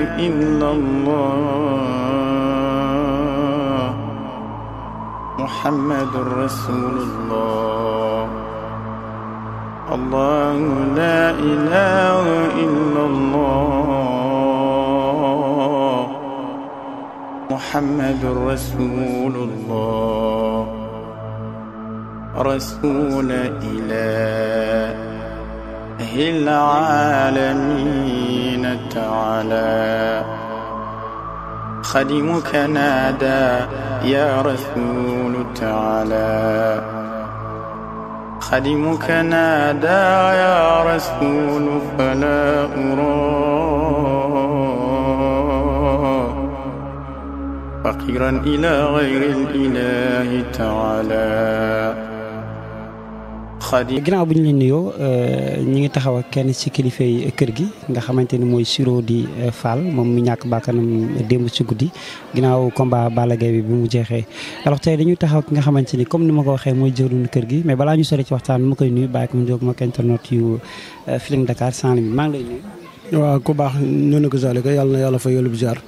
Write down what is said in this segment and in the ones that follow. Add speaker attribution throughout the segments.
Speaker 1: إلا الله محمد رسول الله الله لا إله إلا الله محمد رسول الله رسول إله رب العالمين تعالى خدمك نادى يا رسول تعالى خدمك نادى يا رسول فلا أرى فقيرا إلى غير الإله تعالى Khadim.
Speaker 2: ginnaaw bi ñu leen nuyoo euh, ñu ngi taxaw ak kenn ci kilifa yi kër gi nga xamante ni mooy Siro di euh, Fall moom mu ñàkk bakkanam démb ci guddi ginnaaw combat Balla Gaye bi bi mu jeexee. alors tey dañuy taxaw ki nga xamante ni comme ni ma ko waxee mooy jëwriñu kër gi mais balaa ñu sore ci waxtaan bi ma koy nuyu bàyyi ko mu jóg ma internet yu euh, Feeling maa ngi lay waaw ku baax ñu ne ko Zalika yàlla na yàlla fa yólu bu jaar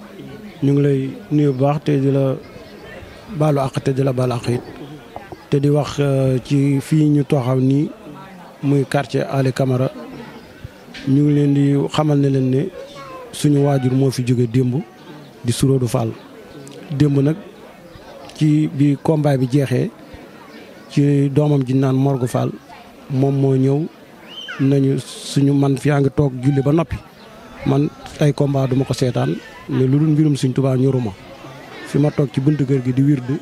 Speaker 2: ñu ngi lay nuyu bu baax te di
Speaker 3: la baalu àq te di la baalu àq it te di wax euh, ci fii ñu toxaw nii muy quartier Ali kamara ñu ngi leen di xamal ne leen ne suñu waajur moo fi jóge démb di Sourodou Fall démb nag ci bi combat bi jeexee ci doomam ji naan Morgu Fall moom moo ñëw nañu suñu man fi yaa ngi toog julli ba noppi man ay combat duma ko seetaan ne lu dul mbirum suñ Tuubaa ñoruma fi ma toog ci buntu kër gi di wirdu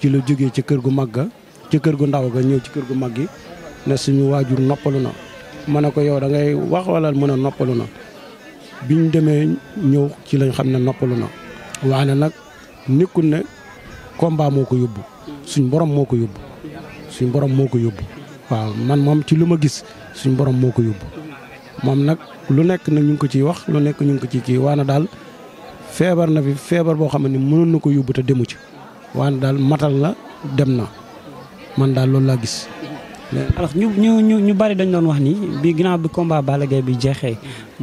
Speaker 3: ci la jógee ci kër gu màgga ci kër gu ndaw ga ñëw ci kër gu mag gi ne suñu waajur noppalu na ma ne ko yow da ngay wax mën a noppalu na biñ demee ñëw ci lañ xam ne noppalu na ne nag nekkul ne combat moo ko yóbbu suñu borom moo ko yóbbu suñ borom moo ko waaw man moom ci lu ma gis suñu borom moo ko yóbbu moom nag lu nekk nag ñu ngi ko ciy wax lu nekk ñu ngi ko ciy kii waa waana daal feebar na fi feebar boo xam ni mënoon na ko yóbbu te
Speaker 2: demu ci waana daal matal na dem na man daal loolu laa gis. alors ñu ñu ñu ñu bari dañ doon wax ni bi ginnaaw bi combat Balla Gaye bi jeexee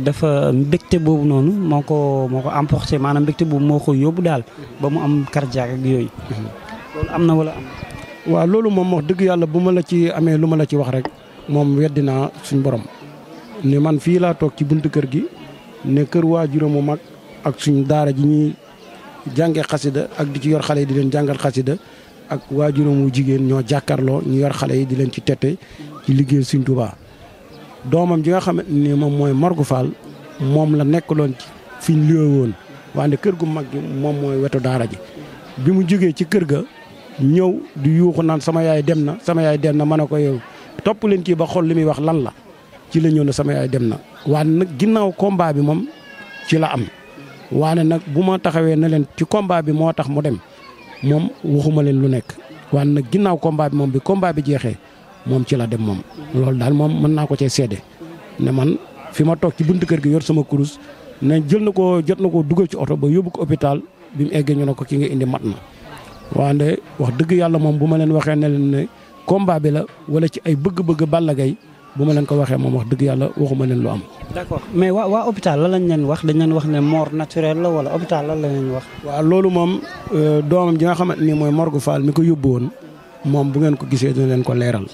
Speaker 2: dafa mbégte boobu noonu moo ko moo ko emporté maanaam mbégte boobu moo ko yóbbu daal ba mu am cardiaque ak yooyu. loolu am na wala waaw loolu moom wax dëgg yàlla bu ma la ci amee
Speaker 3: lu ma la ci wax rek moom weddi naa suñ borom. ne man fii laa toog ci buntu kër gi ne kër waajuram mu mag ak suñu daara ji ñuy jàngee xasida ak di ci yor xale yi di leen jàngal xasida ak waajuram wu jigéen ñoo jàkkaarloo ñu yor xale yi di leen ci tette ci liggéey Sëriñ Tuubaa doomam ji nga xamante ni moom mooy Morgu Fall moom la nekkaloon ci fiñ ñu liggéey woon wante kër gu mag gi moom mooy wetu daara ji bi mu jógee ci kër ga ñëw di yuuxu naan sama yaay dem na sama yaay dem na ma ne ko yow topp leen kii ba xool li muy wax lan la ci la na sama yaay dem na waaye nag ginnaaw combat bi moom ci la am waane nag bu ma taxawee na leen ci combat bi moo tax mu dem moom waxuma leen lu nekk waaye nag ginnaaw combat bi moom bi combat bi jeexee moom ci la dem moom. loolu daal moom mën naa ko cee seede ne man fi ma toog ci buntu kër gi yor sama kurus ne jël na ko jot na koo dugal ci oto ba yóbbu ko hôpital bi mu eggee ñu na ko ki nga indi mat na. waande wax dëgg yàlla moom bu ma leen waxee ne leen ne combat bi la wala ci ay bëgg-bëgg Balla Gaye bu ma leen ko waxee moom wax dëgg yàlla waxuma leen lu am.
Speaker 2: d'accord mais waa waa la lan lañ leen wax dañ leen wax ne mort naturelle la wala hôpital la leen wax. waaw loolu moom euh,
Speaker 3: doomam ji nga xamante ni mooy Morgu Fall mi ko yóbbu woon moom bu ngeen ko gisee dina leen ko leeral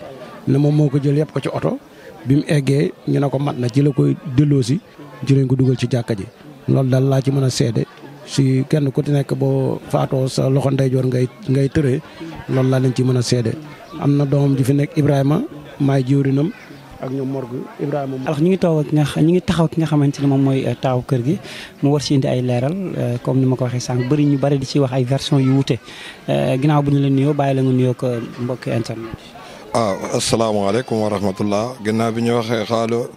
Speaker 3: ne moom moo ko jël yëpp ko ci oto bi mu eggee ñu ne ko mat na ci la koy delloosi ci lañ ko dugal ci jàkka ji loolu daal laa ci mën a seede si kenn ku ci nekk boo faatoo sa loxo ndeyjoor ngay ngay tëree loolu laa leen ci mën a seede am na doomam ji fi nekk Ibrahima
Speaker 2: maay jiwrinam
Speaker 3: ak ñoom morgue
Speaker 2: Ibrahima. alors ñu ngi toog ki nga ñu ngi taxaw ki nga xamante ne moom mooy euh, taaw kër gi mu war si indi ay leeral euh, comme ni ma ko waxee sànq bëri ñu bëri di ci wax ay version yu wuute euh, ginnaaw bu ñu la nuyoo bàyyi la nga nuyoo mbokk internet.
Speaker 4: ah asalaamaaleykum wa rahmatullah bi ñu waxee xaalo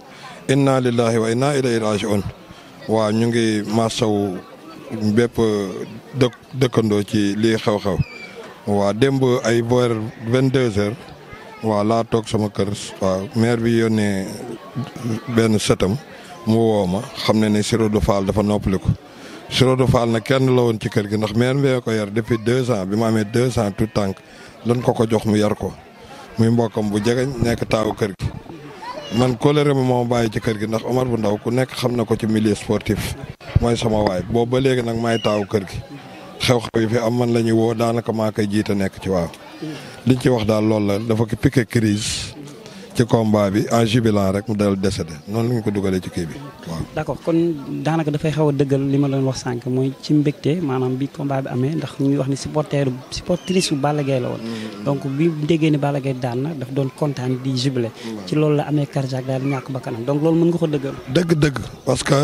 Speaker 4: inna lillahi wa inna ilayhi rajiun waa ñu ngi masow bépp dëkk dëkkandoo ci lii xew-xew waa démb ay boor 22 heures. waaw laa toog sama kër waaw maire bi yónnee benn sëtam mu woo ma xam ne ne Sirodou Fall dafa noppaliku Sirodou Fall na kenn la woon ci kër gi ndax maire bi ko yar depuis deux ans bi ma amee deux ans tout tànk lan ko ko jox mu yar ko muy mbokkam bu jegeñ nekk taawu kër gi. man kóllëre ma moo bàyyi ci kër gi ndax Omar bu ndaw ku nekk xam na ko ci milieu sportif mooy sama waay boobu ba léegi nag maay taawu kër gi xew-xew yi fi am man la ñuy woo daanaka maa koy jiite nekk ci waaw. liñ ci wax daal loolu la dafa ko piqué crise ci combat bi en jubilant rek mu dal noonu la ñu ko dugalee ci kii bi
Speaker 2: waaw. d'accord daanaka dafay xaw a dëggal li ma doon wax sànq mooy ci mbégte maanaam bi combat bi amee ndax ñuy wax ni supporter supportrice bu Balla Gaye la woon. Mm-hmm. donc bi déggee ni Balla Gaye daan na daf doon kontaan di jubilé. ci loolu la amee cardiaque daal di ñàkk bakkanam donc loolu mën nga ko dëggal.
Speaker 4: dëgg-dëgg parce que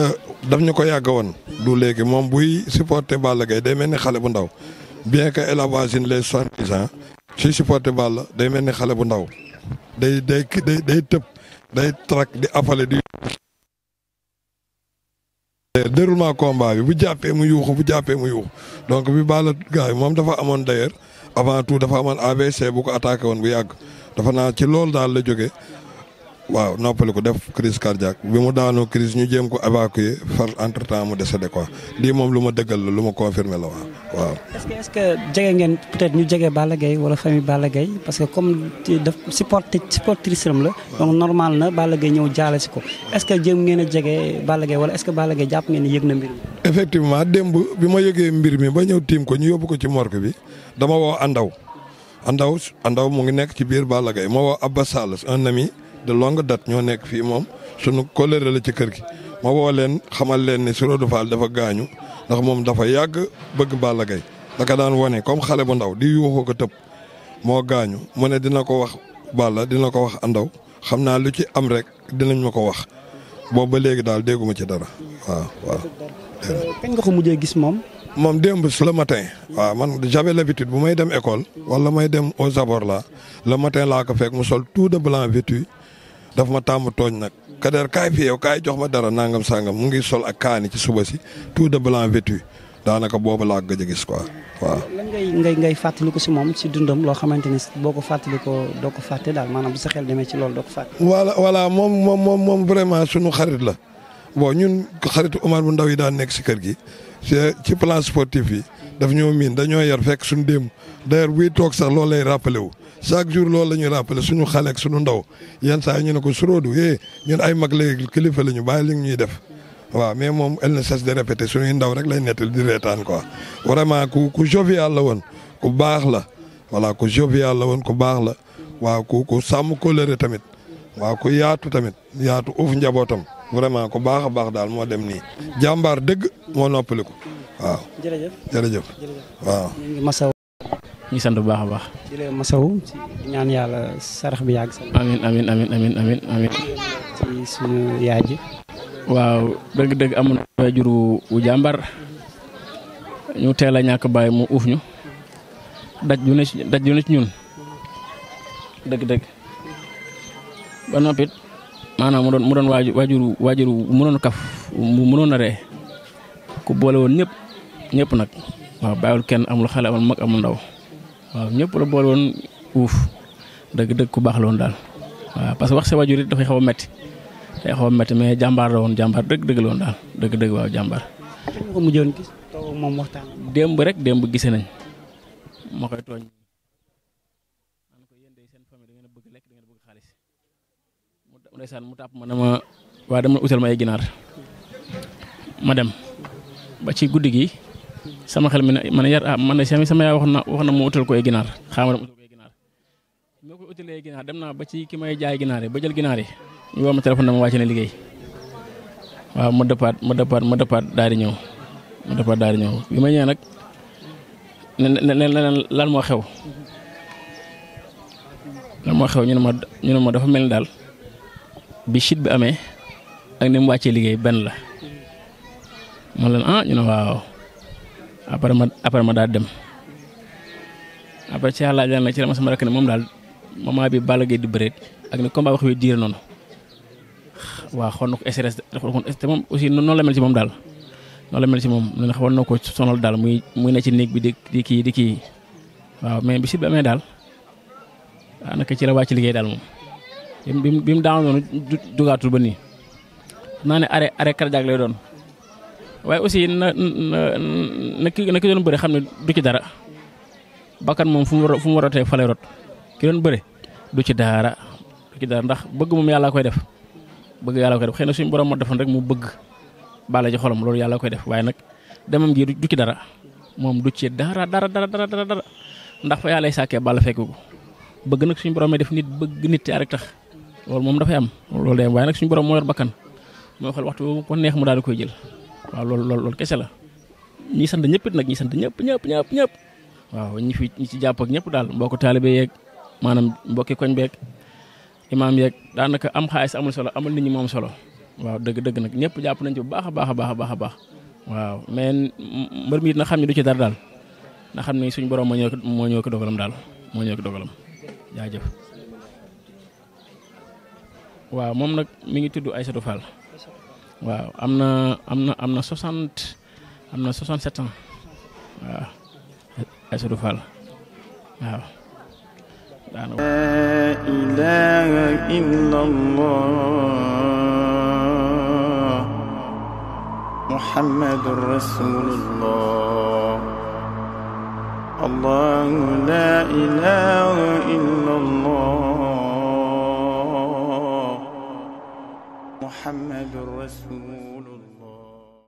Speaker 4: daf ñu ko yàgg woon. du léegi moom buy supporter Balla Gaye day mel ni xale bu ndaw bien que élevage les cent ans. suy supporté Balla day mel ni xale bu ndaw day day day day tëb day trak di afale di. déroulement combat bi bu jàppee mu yuuxu bu jàppee mu yuuxu donc bi Balla gaay moom dafa amoon d'ailleurs avant tout dafa amoon AVC bu ko attaqué woon bu yàgg dafa naa ci loolu daal la jóge waaw noppali ko def crise cardiaque bi mu daanoo crise ñu jéem ko évacuer far entre temps mu décédé quoi lii moom lu ma dëggal la lu ma confirmé la waaw waaw.
Speaker 2: est-ce que jege ngeen peut ñu jege Balla Gaye wala famille Balla Gaye parce que comme daf supporté supportrice am la. donc normal na Balla Gaye ñëw jaale si ko. est-ce que jéem ngeen a jege Balla Gaye wala est-ce que Balla Gaye jàpp ngeen yëg na mbir mi.
Speaker 4: effectivement démb bi ma yëgee mbir mi ba ñëw tiim ko ñu yóbbu ko ci morgue bi dama woo Andaw Andaw mu ngi nekk ci biir Balla Gaye ma woo Abba Sall un ami. de longue date ñoo nekk fii moom sunu kóllëre la ci kër gi ma woo leen xamal leen ne Sirodou Fall dafa gaañu ndax moom dafa yàgg bëgg Balla Gaye daka daan wane comme xale bu ndaw di yuuxu ko tëb moo gaañu mu ne dina ko wax Balla dina ko wax andaw xam naa lu ci am rek dinañ ma ko wax boobu ba léegi daal dégguma ci dara waaw waaw. nga ko mujjee gis moom. moom démb su le matin. waaw man j'avais l'habitude bu may dem école. wala may dem aux abords laa le matin laa ko fekk mu sol tout de blanc vêtu dafa ma tàmm tooñ nag Kader kaay fi yow kaay jox ma dara nangam sangam mu ngi sol ak kaani ci suba si tout de blanc vêtu daanaka boobu laa gëj a gis quoi waaw.
Speaker 1: lan
Speaker 2: ngay ngay ngay fàttaliku si moom si dundam loo xamante ni boo ko fàttalikoo doo ko fàtte daal maanaam bu sa xel demee ci loolu doo ko fàtte.
Speaker 4: moom moom moom moom vraiment sunu xarit la bon ñun xaritu Omar bu ndaw yi daan nekk si kër gi ci plan sportif yi daf ñoo miin dañoo yar fekk suñu démb d'ailleurs buy toog sax loolu lay rappelé wu. chaque jour loolu la ñuy rappelé suñu xalek ak suñu ndaw yenn saa yi ñu ne ko suróodu eh ñun ay mag léegi kilifa la ñu bàyyi li ñuy def. waaw mais moom elle ne cesse de répéter suñuy ndaw rek lay nettali di reetaan ko vraiment ku ku jovial la woon ku baax la voilà ku jovial la woon ku baax la waaw ku ku sàmm kóllëre tamit waaw ku yaatu tamit yaatu uuf njabootam vraiment ku baax a baax daal moo dem nii jàmbaar dëgg moo noppaliku waaw. jërëjëf waaw. ñu sant bu baax a baax.
Speaker 2: di leen masawu di bi yàgg.
Speaker 5: amiin amiin amiin amiin amiin amiin. ci jàmbar ñu a ñàkk bàyyi mu uuf daj ju ne ci daj ju ne ñun dëgg-dëgg ba noppit maanaam mu doon mu doon waajur waajur waajur mënoon kaf mu mënoon a ree ku boole woon ñëpp ñëpp nag waaw bàyyiwul kenn amul xale amul mag amul ndaw. waaw ñëpp la boole woon uuf dëgg dëgg ku baax la daal waaw parce que wax sa wajur it dafay xaw a metti day xaw a metti mais jàmbaar la woon jàmbaar dëgg dëgg la woon daal dëgg dëgg waaw jàmbaar.
Speaker 2: ko mujjoon waxtaan.
Speaker 5: démb rek démb gisee nañ ma koy tooñ. ndeysaan mu tàpp ma ne ma waa dama utal ma ay ginaar ma dem ba ci guddi gi. sama xel mi ne man yar ah man ne sama yaay wax na wax na mu utal ko ay ginaar xaaral ma utal ko ginaar moo ko utalee ginaar dem naa ba ci ki may jaay ginaar yi ba jël ginaar ma téléphone dama wàcc na liggéey waaw ma dëppaat ma dëppaat ma dëppaat daal di ñëw ma dëppaat daal di ñëw bi ma ñëwee nag ne ne lan moo xew lan moo xew ñu ne ma ñu ne ma dafa mel ni daal bi chute bi amee ak ni mu wàccee liggéey benn la man leen ah ñu ne waaw. après ma après ma daal dem après ci yàlla laaj na ci la ma sama rakk ne moom daal moment bi Balla Gaye di bëreet ak ni combat wax bi diir noonu waaw xool na ko stress te moom aussi noonu la mel ci moom daal noonu la mel ci moom ne na ko sonal daal muy muy ne ci néeg bi di di kii di kii waaw mais bi si bi amee daal daanaka ci la wàcc liggéey daal moom. bi mu bi mu daawoon noonu du dugaatul ba nii naa ne arrêt arrêt doon. waaye aussi na na ki na ki doon bëre xam ne du ci dara bakkan moom fu mu war fu mu war a tee fale rot ki doon bëre du ci dara du ci dara ndax bëgg moom yàllaa koy def bëgg yàlla koy def xëy na suñu borom moo defoon rek mu bëgg bàlle ci xolam loolu yàlla koy def waaye nag demam gi du ci dara moom du ci dara dara dara dara dara ndax yàlla sàkkee bàll fekk bëgg nag suñu borom def nit bëgg nit a rek tax loolu moom dafay am loolu de am waaye nag suñu borom moo yor bakkan mooy xool waxtu ko neex mu daal di koy jël. waaw loolu lool loolu kese la ñi sant ñëpp it nag ñi sant ñëpp ñëpp ñëpp ñëpp waaw ñi fi ñi ci jàpp ñëpp daal mbokku taalibe yeeg maanaam mbokki koñ beeg imaam yeeg daanaka am xaalis amul solo amul nit ñi moom solo waaw dëgg dëgg nag ñëpp jàpp nañ ci bu baax a baax a baax a baax a baax waaw mais mbër miit na xam ne du ci dara daal na xam ne suñu borom moo ñëw moo ñëw ko dogalam daal moo ñëw ko dogalam jaajëf waaw moom nag mu ngi tudd Aïssatou Fall waaw am na am na am na soixante na soixante sept waaw Aïssatou Fall waaw
Speaker 1: laa ilaaha illallaah muhammadur rasuulullaah allaahu laa ilaaha illallaah محمد رسول